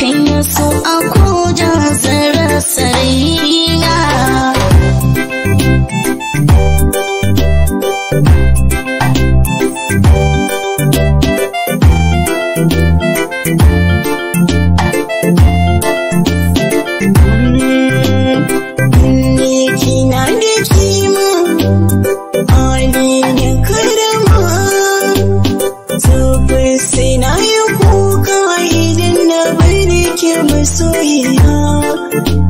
kan so a kojan zarar sarina Thank you. soyayya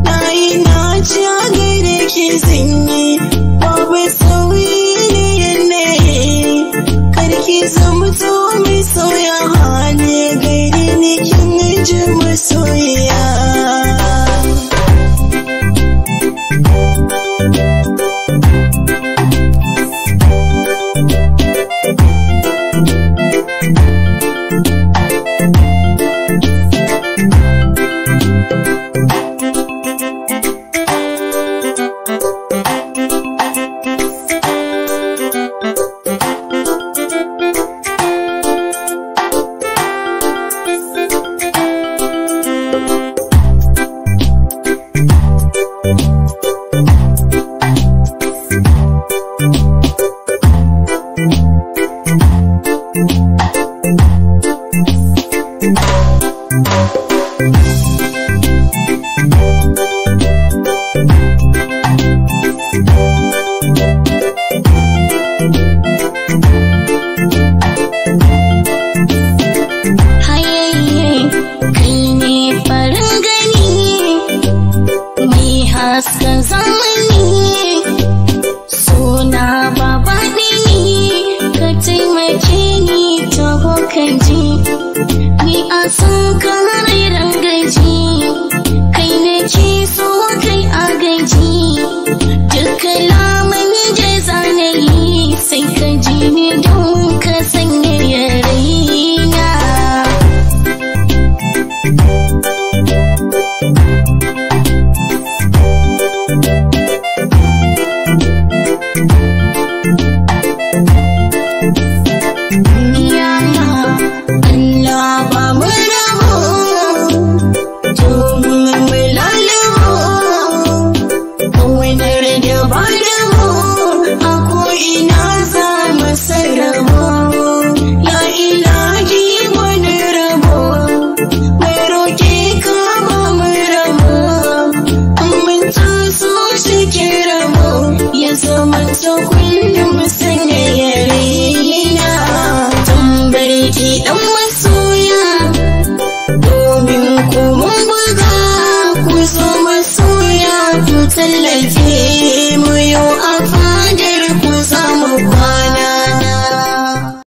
na yi na ji a gaire ke zan Thank you. so quick.